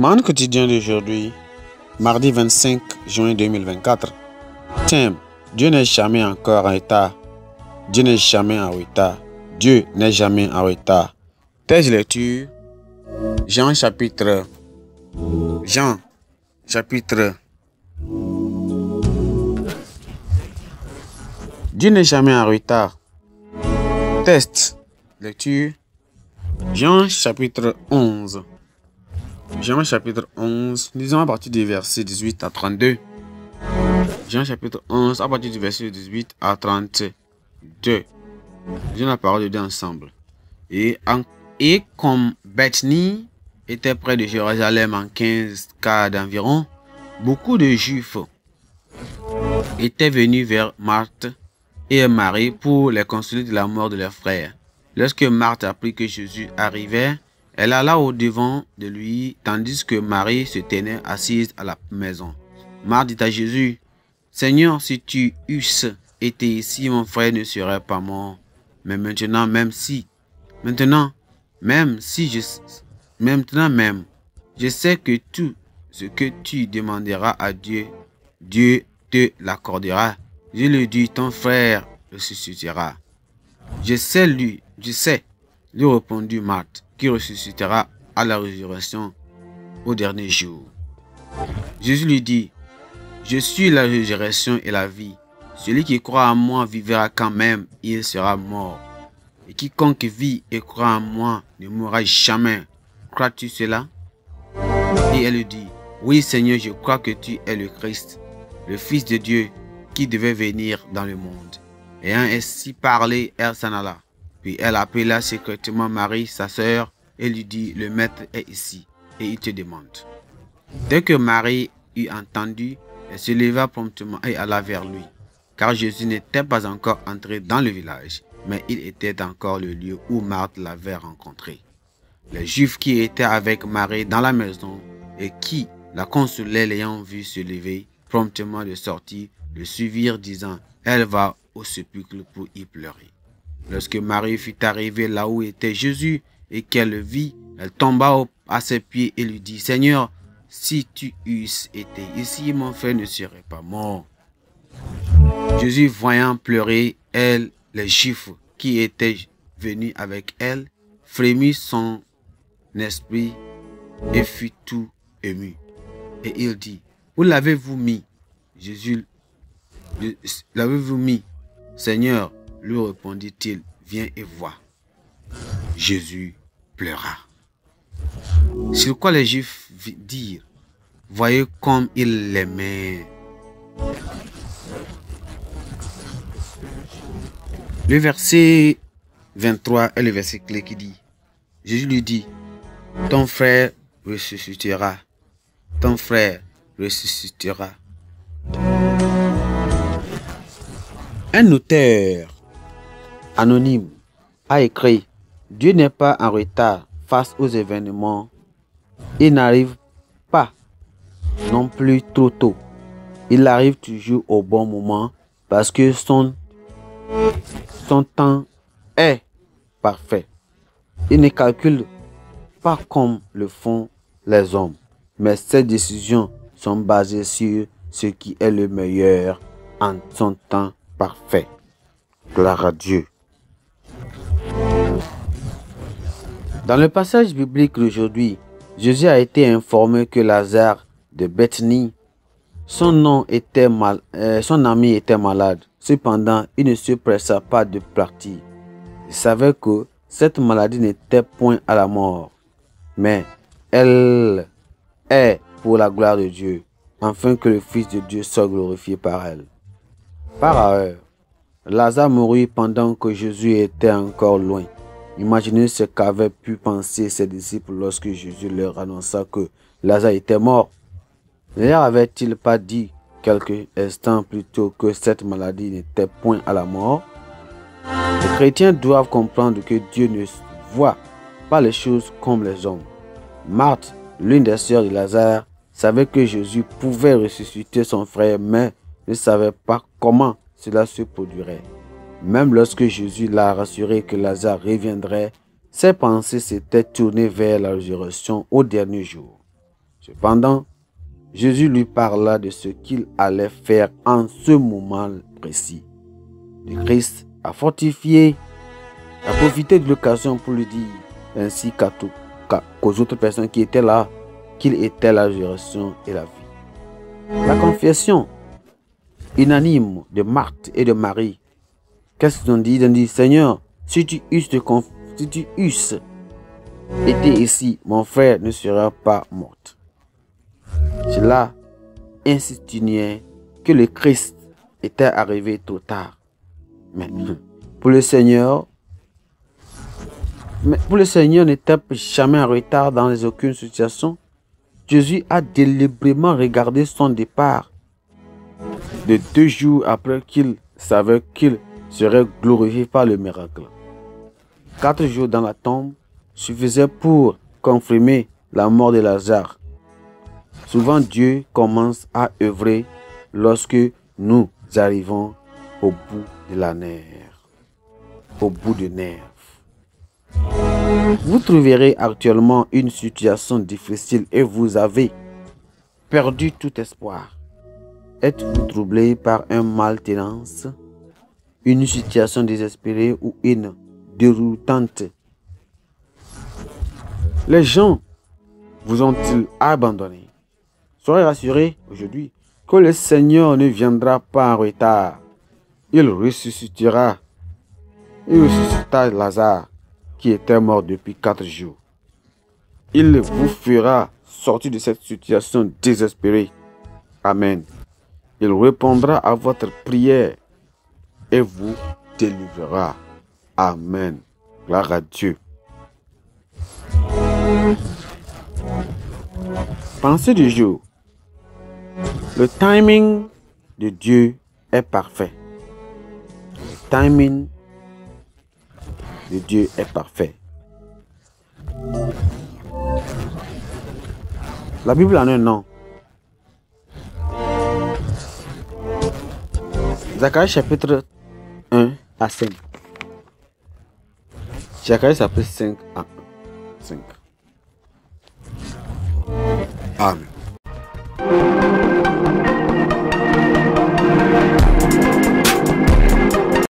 Mon quotidien d'aujourd'hui, mardi 25 juin 2024. Tiens, Dieu n'est jamais encore en état. Dieu n'est jamais en retard Dieu n'est jamais en état. Test lecture Jean chapitre Jean chapitre Dieu n'est jamais en retard. Test lecture Jean chapitre 11 Jean chapitre 11, disons à partir du verset 18 à 32. Jean chapitre 11, à partir du verset 18 à 32. Lisons la parole de Dieu ensemble. Et, et comme Bethany était près de Jérusalem en 15 cas d'environ, beaucoup de Juifs étaient venus vers Marthe et Marie pour les consoler de la mort de leurs frères. Lorsque Marthe apprit que Jésus arrivait, elle alla au-devant de lui, tandis que Marie se tenait assise à la maison. Marie dit à Jésus, Seigneur, si tu eusses été ici, mon frère ne serait pas mort. Mais maintenant, même si, maintenant, même si je, maintenant même, je sais que tout ce que tu demanderas à Dieu, Dieu te l'accordera. Je le dis, ton frère suscitera. Je sais lui, je sais lui répondit Marthe, qui ressuscitera à la résurrection au dernier jour. Jésus lui dit, Je suis la résurrection et la vie. Celui qui croit en moi vivra quand même et il sera mort. Et quiconque vit et croit en moi ne mourra jamais. Crois-tu cela Et elle lui dit, Oui Seigneur, je crois que tu es le Christ, le Fils de Dieu qui devait venir dans le monde. Et ainsi parlé, elle s'en alla. Puis elle appela secrètement Marie, sa sœur, et lui dit, le maître est ici, et il te demande. Dès que Marie eut entendu, elle se leva promptement et alla vers lui, car Jésus n'était pas encore entré dans le village, mais il était encore le lieu où Marthe l'avait rencontré. Les Juifs qui étaient avec Marie dans la maison et qui la consolaient l'ayant vue se lever, promptement de sortir, le suivirent disant, elle va au sepulcre pour y pleurer. Lorsque Marie fut arrivée là où était Jésus et qu'elle vit, elle tomba à ses pieds et lui dit, Seigneur, si tu eusses été ici, mon frère ne serait pas mort. Jésus voyant pleurer, elle, les chiffres qui étaient venus avec elle, frémit son esprit et fut tout ému. Et il dit, où l'avez-vous mis Jésus, l'avez-vous mis Seigneur, lui répondit-il, viens et vois. Jésus pleura. Sur quoi les Juifs dirent, voyez comme il l'aimait. Le verset 23 est le verset clé qui dit, Jésus lui dit, ton frère ressuscitera, ton frère ressuscitera. Un auteur anonyme, a écrit Dieu n'est pas en retard face aux événements. Il n'arrive pas non plus trop tôt. Il arrive toujours au bon moment parce que son, temps est parfait. Il ne calcule pas comme le font les hommes, mais ses décisions sont basées sur ce qui est le meilleur en son temps parfait. Gloire à Dieu. Dans le passage biblique d'aujourd'hui, Jésus a été informé que Lazare de Bethany, son, nom était mal, euh, son ami était malade. Cependant, il ne se pressa pas de partir. Il savait que cette maladie n'était point à la mort, mais elle est pour la gloire de Dieu, afin que le Fils de Dieu soit glorifié par elle. Par ailleurs, Lazare mourut pendant que Jésus était encore loin. Imaginez ce qu'avaient pu penser ses disciples lorsque Jésus leur annonça que Lazare était mort. navaient avait-il pas dit quelques instants plus tôt que cette maladie n'était point à la mort Les chrétiens doivent comprendre que Dieu ne voit pas les choses comme les hommes. Marthe, l'une des sœurs de Lazare, savait que Jésus pouvait ressusciter son frère, mais ne savait pas comment cela se produirait. Même lorsque Jésus l'a rassuré que Lazare reviendrait, ses pensées s'étaient tournées vers la résurrection au dernier jour. Cependant, Jésus lui parla de ce qu'il allait faire en ce moment précis. Le Christ a fortifié, a profité de l'occasion pour lui dire, ainsi qu'aux autres personnes qui étaient là, qu'il était la résurrection et la vie. La confession unanime de Marthe et de Marie Qu'est-ce qu'ils ont dit Ils ont dit, Seigneur, si tu eusses, si été ici, mon frère ne serait pas mort. Cela là, que le Christ était arrivé trop tard. Mais pour le Seigneur, mais pour le Seigneur n'était jamais en retard dans les aucune situation. Jésus a délibérément regardé son départ de deux jours après qu'il savait qu'il serait glorifié par le miracle. Quatre jours dans la tombe suffisaient pour confirmer la mort de Lazare. Souvent Dieu commence à œuvrer lorsque nous arrivons au bout de la nerf, au bout de nerf. Vous trouverez actuellement une situation difficile et vous avez perdu tout espoir. Êtes-vous troublé par un mal tenance une situation désespérée ou une déroutante. Les gens vous ont-ils abandonné Soyez rassurés aujourd'hui que le Seigneur ne viendra pas en retard. Il ressuscitera. Il ressuscita Lazare qui était mort depuis quatre jours. Il vous fera sortir de cette situation désespérée. Amen. Il répondra à votre prière et vous délivrera. Amen. Gloire à Dieu. Pensez du jour. Le timing de Dieu est parfait. Le timing de Dieu est parfait. La Bible en est un nom. Zacharie chapitre ascend. Shekharisa, please sink and ah, sink. Amen.